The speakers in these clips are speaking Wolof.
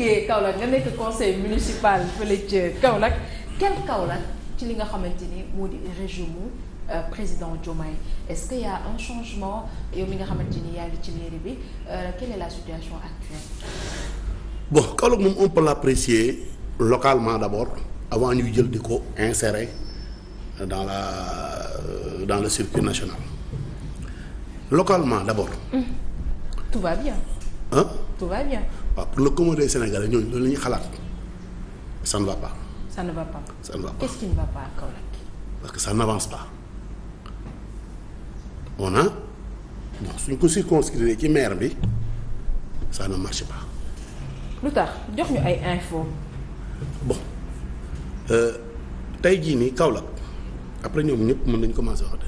jógee Kaolack nga nekk conseil municipal fële ca Kaolack quel Kaolack ci li nga xamante ni moo di régime euh, président Diomaye est-ce qu'il y a un changement yow mi nga xamante ni yaa ngi ci mairie bi euh, quelle la situation actuelle. bon Kaolack moom on peut l'apprécier localement d'abord avant ñuy jël di ko insérer dans la euh, dans le circuit national localement d'abord. Mmh. va bien. Hein? va bien. waaw pour le commun des Sénégalais ñooñu loolu la xalaat ça ne va pas. ça ne va pas. que ça n'avance a suñ ko circonscrire ci maire bi san ne marche lu tax jox ñu ay infos. bon euh, tey jii nii Kaolack après ñoom ñëpp mën nañ commencé wax de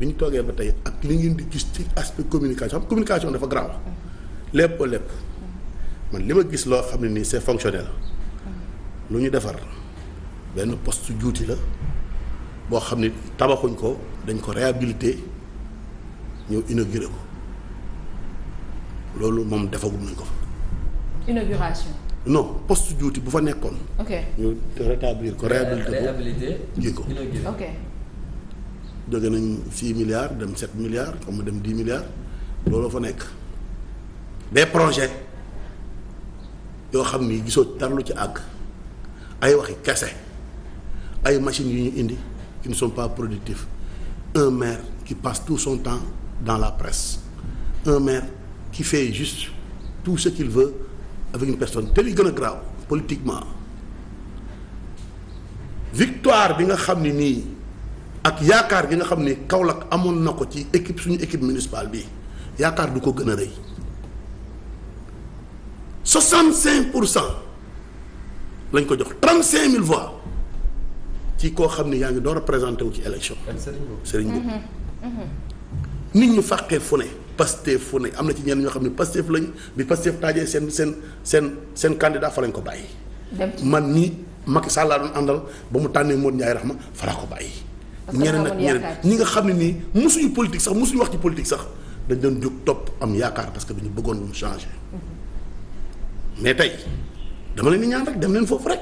bi ñu toogee ba tey ak li ngeen di gis ci aspect communication communication dafa grave mm-hmm. lépp lépp. man li ma gis loo xam ne nii c'est fonctionnel mm. lu ñu defar benn poste juuti la boo xam ne tabaxuñ ko dañ ko réhabilité ñëw inauguré ko loolu moom defagum nañ ko fa. inauguration. juuti bu fa nekkoon. ok ko réhabilité ko réhabilité ji jóge nañ six milliards dem sept milliards comme dem dix milliards looloo fa nekk des projet yoo xam ni gisoo dara ci àgg ay waxi kese ay machines yu ñu indi qui ne sont pas productifs un maire qui passe tout son temps dans la presse un maire qui fait juste tout ce qu'il veut avec une personne te li gën a grave politiquement victoire bi nga xam ni nii ak yaakaar gi nga xam ni Kaolack amoon na ko ci équipe suñu équipe municipale bi yaakaar du ko gën a rëy cinq pour cent lañ ko jox cinq mille voix ci koo xam ne yaa ngi doon représenté wu ci élection. Serigne Mboup mhm. Mhm. nit ñu fàqee fu ne Pastef fu ne am na ci ñenn ñoo xam ne Pastef lañ bi Pastef taajee seen seen seen seen candidat fa lañ ko bàyyi. man nii mag Sall doon àndal ba mu tànnee Modou Ndiaye Rahma fa laa ko bàyyi. ñeneen ak ñeneen ñi nga xam ne nii mosuñu politique sax mosuñu wax ci politique sax dañ doon jóg topp am yaakaar parce que dañu bëggoon lu mu mais tey dama leen di ñaan rek dem leen foofu rek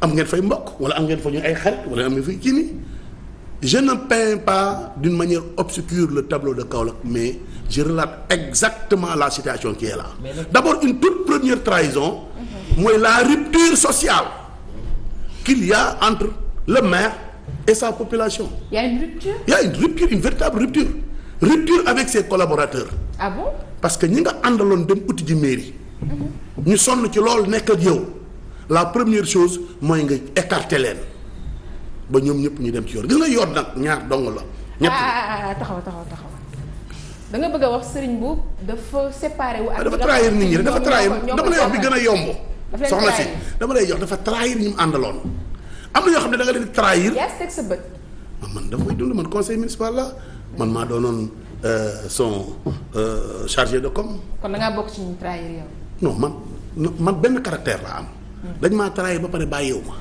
am ngeen fay mbokk wala am ngeen fa ñu ay xarit wala am ngeen fay ci ni jeune ne peins pas d'une manière obscure le tableau de Kaolack mais je relate exactement la situation qui est là d'abord une toute première trahison mooy la rupture sociale qu'il y entre le maire et sa population il a une rupture il une véritable rupture rupture avec ses collaborateurs ah parce que ñi nga àndaloon dem uti ji mairie ñu sonn ci loolu nekkat yow la première chose mooy nga écarter leen ba ñoom ñëpp ñu dem ci yoon gis nga yoon nag ñaar dong la. ñett ah, ah, ah, taxaw taxaw taxaw danga bëgg a wax sëriñ bu dafa séparé wu. ak dafa trahir nit ñi dafa trahir dama lay wax bi gën a yomb. soxna si lay jox dafa trahir ñu mu àndaloon. am na yoo xam ne danga nga leen di trahir. yaa teg sa bët. man dama koy dund man conseil municipal la man maa doonoon euh, son euh, chargé de com. kon da ngaa bokk ci ñu trahir yow. no man man benn caractère laa am. dañ maa trahir ba pare bàyyi wu ma.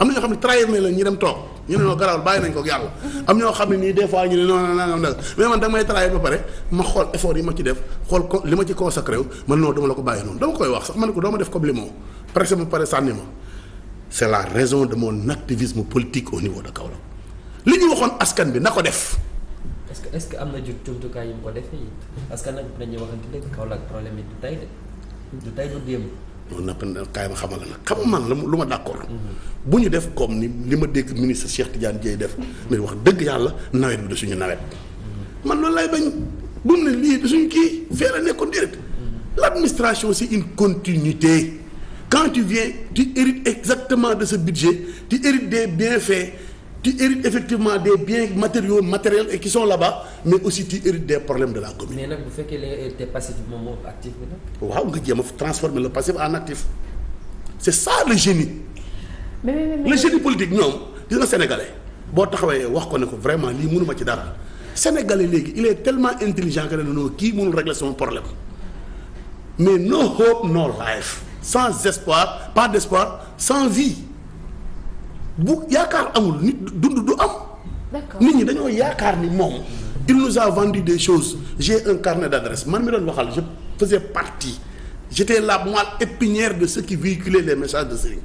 am na ñoo xam ne trahir nañ la dem toog ñu ne ñoo garaawul bàyyi nañ ko ak yàlla am ñoo xam ne nii des fois ñu ne non non non mais man da yi ma ci def xool li ma ci consacré wu man non la ko bàyyi noonu dama koy wax sax man ko doo ma def comme limon presque ba pare sànni ma c' est la raison de mon activisme politique au niveau de la li ñu waxoon askan bi na ko def. est que est ce que am na jumtukaay yu mu ko defee parce que nag dañuy waxante dëgg Kaolack problème yi du tey de. du tey du démb. non kaay ma xamal la nag xam man la lu ma d'accord. bu ñu def comme ni li ma dégg ministre Cheikh Tidiane Dieye def. mais wax dëgg yàlla nawet bi du suñu nawet. man loolu lay bañ bu ne lii du suñu kii fee la nekkoon direct. l'administration c'est une continuité. quand tu viens tu hérites exactement de ce budget tu hérites des bienfaits. ci hérites effectivement de biens matériaux matériels et qui sont mais aussi tu hérites des problèmes de la commune. mais euh, waaw nga jéem a transformer le passif en actif c' ça le génie. mais mais mais le génie politique ñoom gis nga boo taxawee wax ko ne ko vraiment lii mënuma ci dara sénégalais léegi il est tellement intelligent que ne non kii mënul régler son problème mais no hope no life sans espoir pas d' sans vie. bu yaakaar amul nit dund du am. d'accord nit ñi dañoo yaakaar ni moom. il nous a vendu des choses j'ai un carnet d'adresse man mi doon waxal je faisais partie j'étais la moelle épinière de ceux qui véhiculaient les messages de Serigne.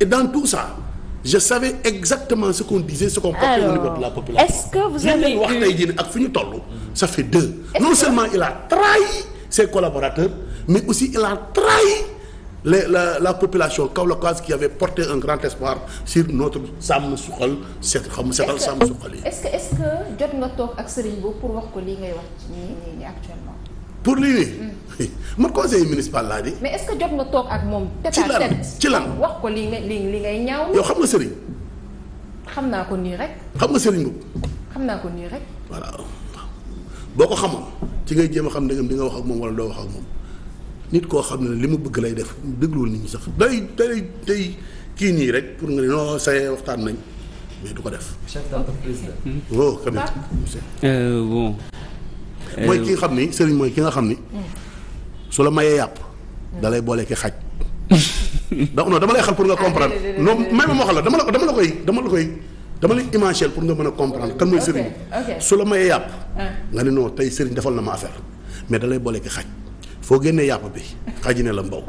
et dans tout ça je savais exactement ce qu'on disait ce qu'on portait au niveau de la population. li ñu wax tey ak fi ñu toll. ça fait deux. non seulement il a trahi ses collaborateurs mais aussi il la trahi. les la la population kaolackoise qui avait porté un grand espoir sur notre sàmm suqal set xam setal sàmm suqal yi. est-ce que est-ce que jot nga toog ak sëriñ boobu pour wax ko lii ngay wax nii actuellement. pour lii nii. Mm. man conseiller municipal laa di. mais est que jot nga toog ak moom. tête à tête ci lan wax ko lii ngay lii ngay ñaaw. yow xam nga sëriñ. xam naa ko nii rek. xam nga sëriñ boobu. xam naa ko nii rek. voilà boo ko xamoon ci ngay jéem a xam ndegam di nga wax ak moom wala wax ak moom. nit koo xam ne li mu bëgg lay def dégluwul nit ñi sax day day day kii nii rek pour nga ne non saye waxtaan nañ mais du ko def. chef d'entreprise la. Hmm. oh quand même. Euh, bon. Euh, euh, mooy ki nga xam ni sëriñ mooy ki nga xam ni. su la mayee yàpp. da lay boole ki xaj. donc non dama lay xal pour nga comprendre non may ma dama la dama la koy dama la koy dama lay imaginer pour nga mën a comprendre kan mooy sëriñ su la ah. nga ne non tey sëriñ defal na ma affaire mais da lay boole ki xaj. foo génnee yàpp bi xaj la mbaw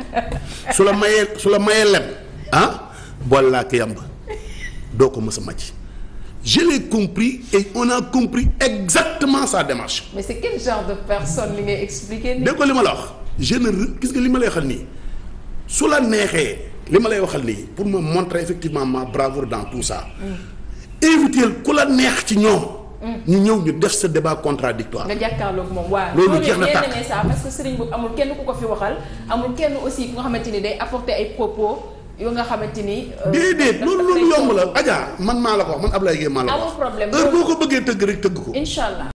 su la mayee su la mayee lem ah boole laa ko yàmb doo ko mës a màcc je l'ai compris et on a compris exactement sa démarche. mais c'est quel genre de ko li ma la wax je ne gis nga li ma lay waxal nii su la neexee li ma lay waxal nii pour me montrer effectivement ma bravoure dans tout ça. éviter mm. ku la neex ci ñoom. ñu ñëw ñu def sa débat contradictoire nga jàkkaarloog moom waaw loolu jeex na tàkk ça parce que sëriñ boobu amul kenn ku ko fi waxal amul kenn aussi ku nga xamante ni day apporter ay propos yoo nga xamante ni. Euh, déedéet loolu loolu yomb la Adja man maa la ko wax man Ablaye Gueye maa la ko wax. amul problème boo ko bëggee tëgg rek tëgg ko. incha allah.